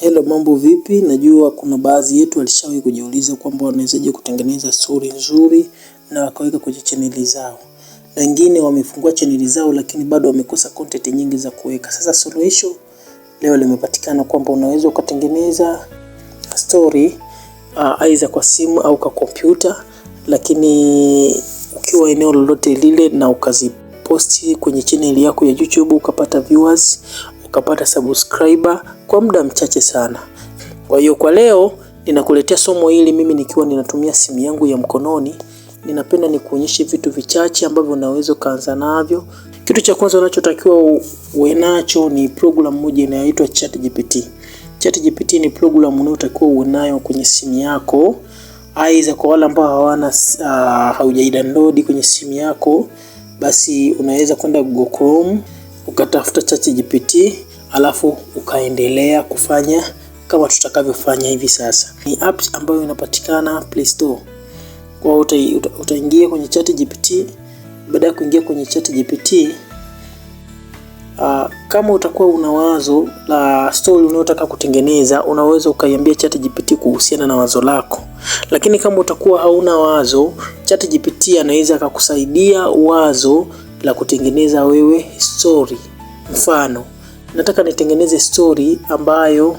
Hello, mambo vipi? Najua kuna baadhi yetu walishawahi kujiuliza kwamba wanawezaje kutengeneza stori nzuri na wakaweka kwenye chaneli zao. Wengine wamefungua chaneli zao, lakini bado wamekosa content nyingi za kuweka. Sasa suluhisho leo limepatikana kwamba unaweza ukatengeneza stori uh, aidha kwa simu au kwa kompyuta, lakini ukiwa eneo lolote lile na ukaziposti kwenye chaneli yako ya YouTube ukapata viewers ukapata subscriber kwa muda mchache sana. Kwa hiyo kwa leo ninakuletea somo hili mimi nikiwa ninatumia simu yangu ya mkononi. Ninapenda nikuonyeshe vitu vichache ambavyo unaweza kuanza navyo. Kitu cha kwanza unachotakiwa uwe nacho ni program moja inayoitwa ChatGPT. ChatGPT ni program unayotakiwa uwe nayo kwenye simu yako, aidha kwa wale ambao hawana uh, ah, haujaidownload kwenye simu yako, basi unaweza kwenda Google Chrome ukatafuta ChatGPT alafu ukaendelea kufanya kama tutakavyofanya hivi sasa. Ni apps ambayo inapatikana Play Store. Kwa utaingia kwenye GPT. Baada ya kuingia kwenye GPT, uh, ah, kama utakuwa una wazo la story unayotaka kutengeneza, unaweza ukaiambia GPT kuhusiana na wazo lako, lakini kama utakuwa hauna wazo, GPT anaweza akakusaidia wazo la kutengeneza wewe story mfano nataka nitengeneze story ambayo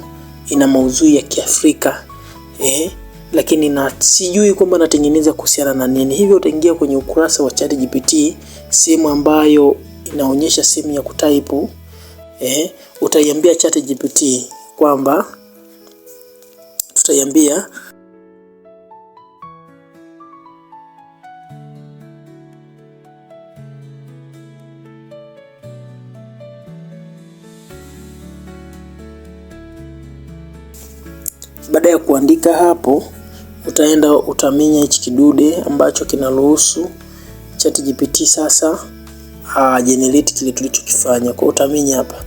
ina maudhui ya Kiafrika eh, lakini na sijui kwamba natengeneza kuhusiana na nini. Hivyo utaingia kwenye ukurasa wa ChatGPT, sehemu ambayo inaonyesha sehemu ya kutaipu eh, utaiambia ChatGPT kwamba tutaiambia Baada ya kuandika hapo, utaenda utaminya hichi kidude ambacho kinaruhusu ChatGPT sasa ah, generate kile tulichokifanya. Kwa utaminya hapa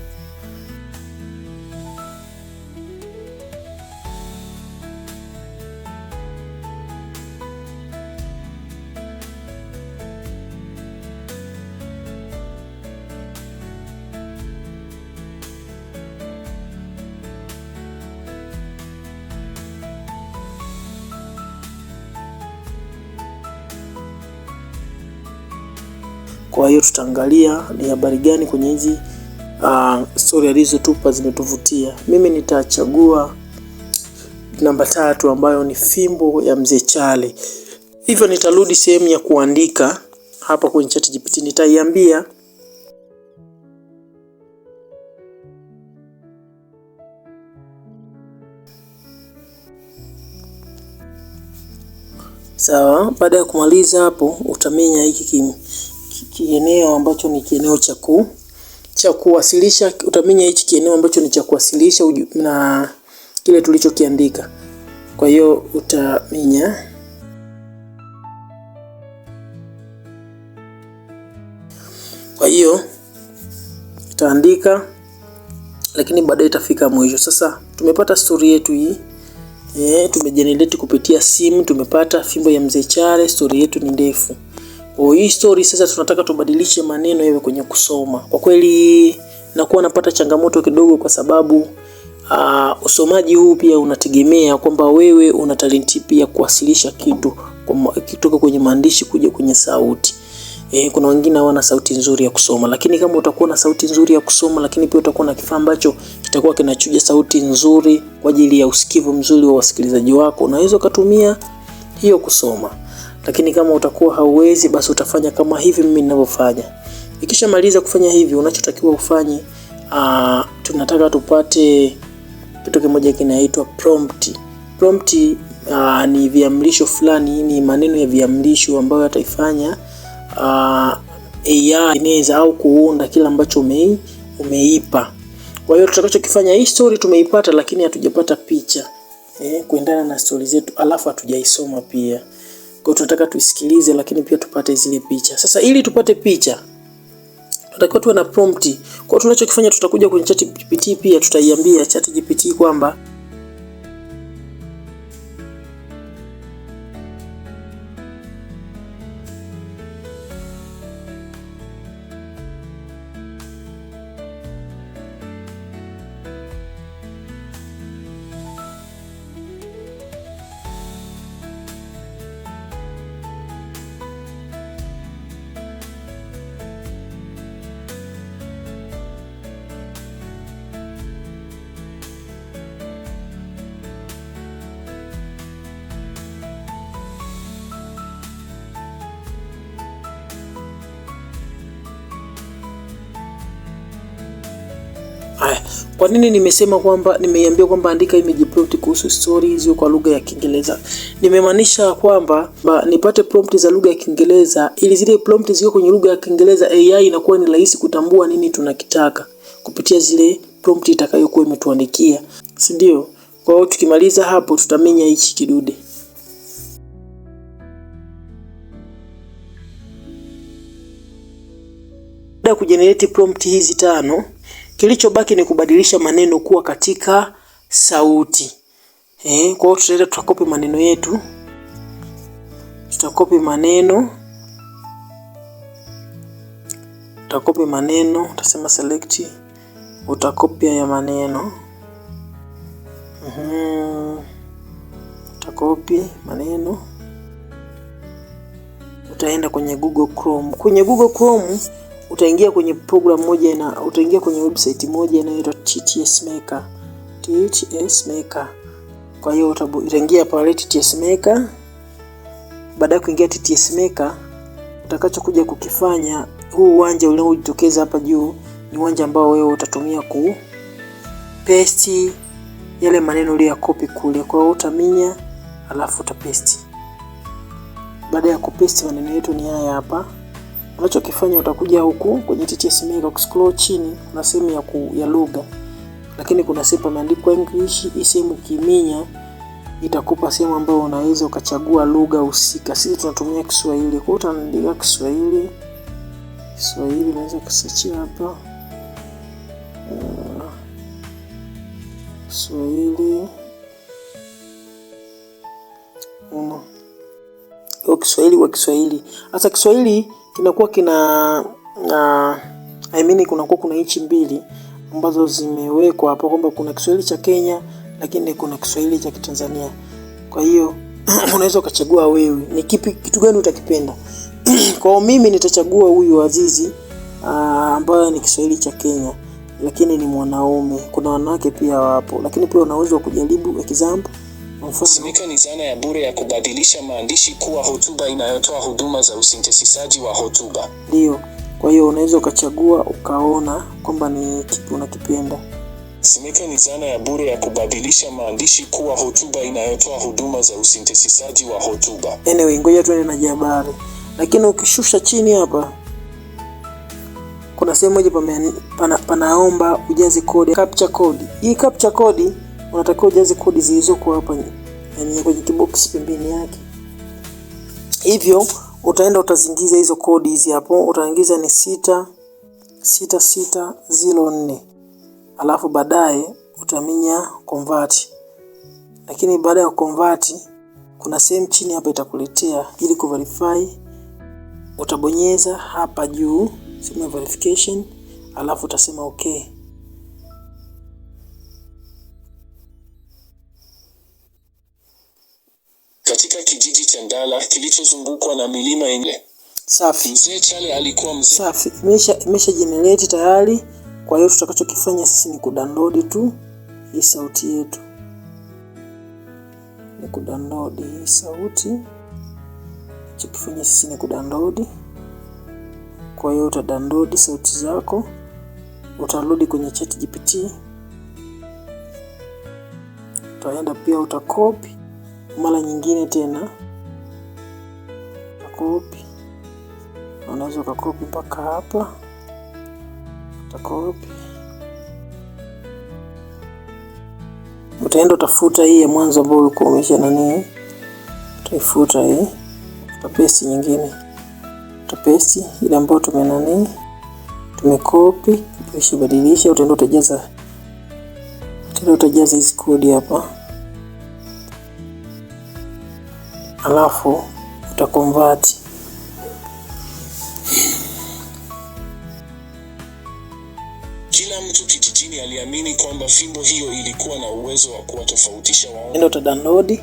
Kwa hiyo tutaangalia ni habari gani kwenye hizi uh, story alizotupa zimetuvutia. Mimi nitachagua namba tatu ambayo ni fimbo ya mzee Chale. Hivyo nitarudi sehemu ya kuandika hapa kwenye ChatGPT, nitaiambia sawa. Baada ya kumaliza hapo, utamenya hiki kieneo ambacho ni kieneo cha ku cha kuwasilisha, utamenya hichi kieneo ambacho ni cha kuwasilisha na kile tulichokiandika. Kwa hiyo utaminya kwa hiyo itaandika lakini baadaye itafika mwisho. Sasa tumepata stori yetu hii e, eh, tumejenerate kupitia simu, tumepata fimbo ya mzee Chale. Stori yetu ni ndefu. Oh, hii story sasa tunataka tubadilishe maneno yawe kwenye kusoma. Kwa kweli nakuwa napata changamoto kidogo kwa sababu uh, usomaji huu pia unategemea kwamba wewe una talenti pia kuwasilisha kitu kutoka kwenye maandishi kuja kwenye sauti. Eh, kuna wengine hawana sauti nzuri ya kusoma, lakini kama utakuwa na sauti nzuri ya kusoma, lakini pia utakuwa na kifaa ambacho kitakuwa kinachuja sauti nzuri kwa ajili ya usikivu mzuri wa wasikilizaji wako, unaweza ukatumia hiyo kusoma lakini kama utakuwa hauwezi, basi utafanya kama hivi mimi ninavyofanya. Ikishamaliza kufanya hivi, unachotakiwa ufanye, uh, tunataka tupate kitu kimoja kinaitwa prompt. Prompt uh, ni viamlisho fulani, ni maneno ya viamlisho ambayo yataifanya uh, ah, AI inaweza au kuunda kila ambacho ume, umeipa. Kwa hiyo tutakachokifanya, hii story tumeipata, lakini hatujapata picha eh, kuendana na story zetu, alafu hatujaisoma pia. Kwa tunataka tuisikilize, lakini pia tupate zile picha. Sasa ili tupate picha tunatakiwa tuwe na prompt. Kwa tunachokifanya tutakuja kwenye ChatGPT pia tutaiambia ChatGPT kwamba Kwa nini nimesema kwamba nimeiambia kwamba andika image prompt kuhusu story hizo kwa lugha ya Kiingereza? Nimemaanisha kwamba nipate prompt za lugha ya Kiingereza ili zile prompt ziko kwenye lugha ya Kiingereza, AI inakuwa ni rahisi kutambua nini tunakitaka kupitia zile prompt itakayokuwa imetuandikia, si ndio? Kwa hiyo tukimaliza hapo tutamenya hichi kidude. Baada ya kujenereti prompt hizi tano Kilichobaki ni kubadilisha maneno kuwa katika sauti. Eh, kwa hiyo tutaenda tutakopi maneno yetu, tutakopi maneno, tutakopi maneno, utasema select, utakopi ya maneno uhum. Utakopi maneno, utaenda kwenye Google Chrome. Kwenye Google Chrome utaingia kwenye program moja na utaingia kwenye website moja inayoitwa TTS Maker. TTS Maker. Kwa hiyo utaingia pale TTS Maker. Baada ya kuingia TTS Maker, utakachokuja kukifanya, huu uwanja uliojitokeza hapa juu ni uwanja ambao wewe utatumia ku paste yale maneno uliyo copy kule. Kwa hiyo utaminya, alafu utapaste. Baada ya kupaste maneno yetu ni haya hapa. Unachokifanya utakuja huku kwenye TTS Mail ukiscroll chini kuna sehemu ya, ya lugha, lakini kuna sehemu pameandikwa English. Hii sehemu ukiminya itakupa sehemu ambayo unaweza ukachagua lugha husika. Sisi tunatumia Kiswahili, kwa hiyo utaandika Kiswahili. Kiswahili unaweza kusachia hapa uh, Kiswahili um, Kiswahili wa Kiswahili hasa Kiswahili kinakuwa kina uh, I mean kunakuwa kuna nchi mbili ambazo zimewekwa hapo kwamba kuna Kiswahili cha Kenya lakini kuna Kiswahili cha Kitanzania. Kwa hiyo unaweza ukachagua wewe ni kipi kitu gani utakipenda. Kwa mimi nitachagua huyu Azizi uh, ambayo ni Kiswahili cha Kenya lakini ni mwanaume. Kuna wanawake pia wapo, lakini pia unaweza kujaribu example Simika ni zana ya bure ya kubadilisha maandishi kuwa hotuba inayotoa huduma za usintesisaji wa hotuba. Ndio, kwa hiyo unaweza ukachagua ukaona kwamba ni kitu unakipenda. Simika ni zana ya bure ya kubadilisha maandishi kuwa hotuba inayotoa huduma za usintesisaji wa hotuba. Anyway, ngoja tuende na jabari, lakini ukishusha chini hapa kuna sehemu moja panaomba ujaze kodi, capture code. Hii capture code unatakiwa ujaze kodi zilizoko hapa yani kwenye kiboksi pembeni yake. Hivyo utaenda utazingiza hizo kodi hizi hapo, utaingiza ni sita sita sita zero nne alafu baadaye utaminya convert, lakini baada ya convert kuna sehemu chini hapa itakuletea ili kuverify, utabonyeza hapa juu sehemu ya verification, alafu utasema okay. kitandala kilichozungukwa na milima yenye safi. Mzee Chale alikuwa mzee safi. Imesha imesha generate tayari. Kwa hiyo tutakachokifanya sisi ni kudownload tu hii sauti yetu, ni kudownload hii sauti. Chokifanya sisi ni kudownload. Kwa hiyo utadownload sauti zako, utarudi kwenye chat GPT utaenda pia utakopi mara nyingine tena ukakopi, unaweza ukakopi mpaka hapa, utakopi utaenda utafuta hii ya mwanzo ambayo ulikuwa umesha nani, utaifuta hii, utapesi nyingine, utapesi ile ambayo tumenani tumekopi, badilisha. utaenda utajaza, utaenda utajaza hizi kodi hapa, alafu tuta convert kila mtu kijijini aliamini kwamba fimbo hiyo ilikuwa na uwezo wa kuwatofautisha wao. Ndio uta download,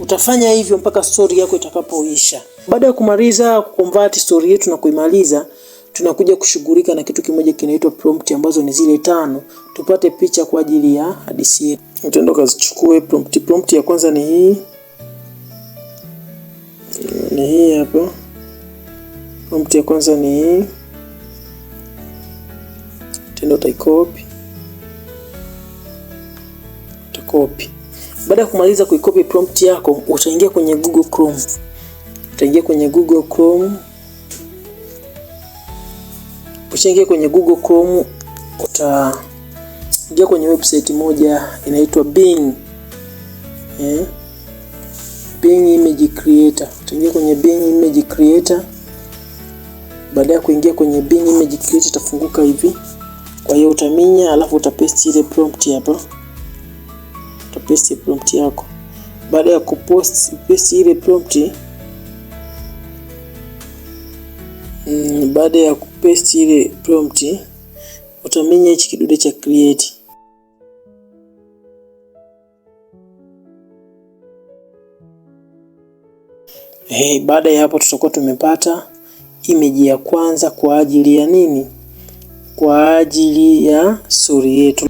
utafanya hivyo mpaka story yako itakapoisha. Baada ya kumaliza kuconvert story yetu na kuimaliza, tunakuja kushughulika na kitu kimoja kinaitwa prompt, ambazo ni zile tano, tupate picha kwa ajili ya hadithi yetu. Utaenda kazichukue prompt. Prompt ya kwanza ni hii ni hii hapo. Prompt ya kwanza ni hii, tendo utaikopi utakopi. Baada ya kumaliza kuikopi prompt yako, utaingia kwenye Google Chrome, utaingia kwenye Google Chrome, ushaingia kwenye Google Chrome, utaingia kwenye website moja inaitwa Bing yeah. Eh? Bing Image Creator. Utaingia kwenye Bing Image Creator. Baada ya kuingia kwenye Bing Image Creator itafunguka hivi. Kwa hiyo utaminya, alafu utapaste ile prompt hapa. Utapaste prompt yako. Baada ya kupost paste ile prompt mm, baada ya kupaste ile prompt utaminya hichi kidude cha create Hey, baada ya hapo tutakuwa tumepata image ya kwanza kwa ajili ya nini? Kwa ajili ya suri yetu.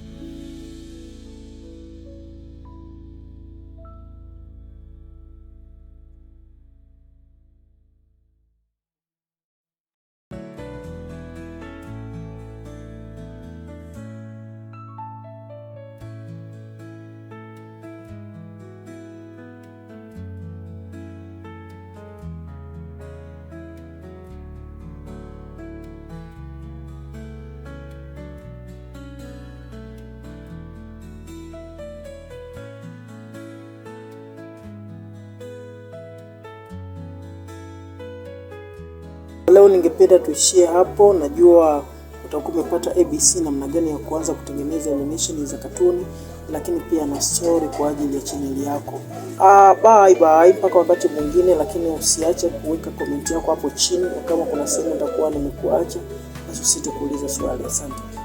Leo ningependa tuishie hapo. Najua utakuwa umepata ABC namna gani ya kuanza kutengeneza animation za katuni, lakini pia na story kwa ajili ya channel yako. Ah, bye bye mpaka wakati mwingine, lakini usiache kuweka comment yako hapo chini, kama kuna sehemu nitakuwa nimekuacha, basi usisite kuuliza swali. Asante.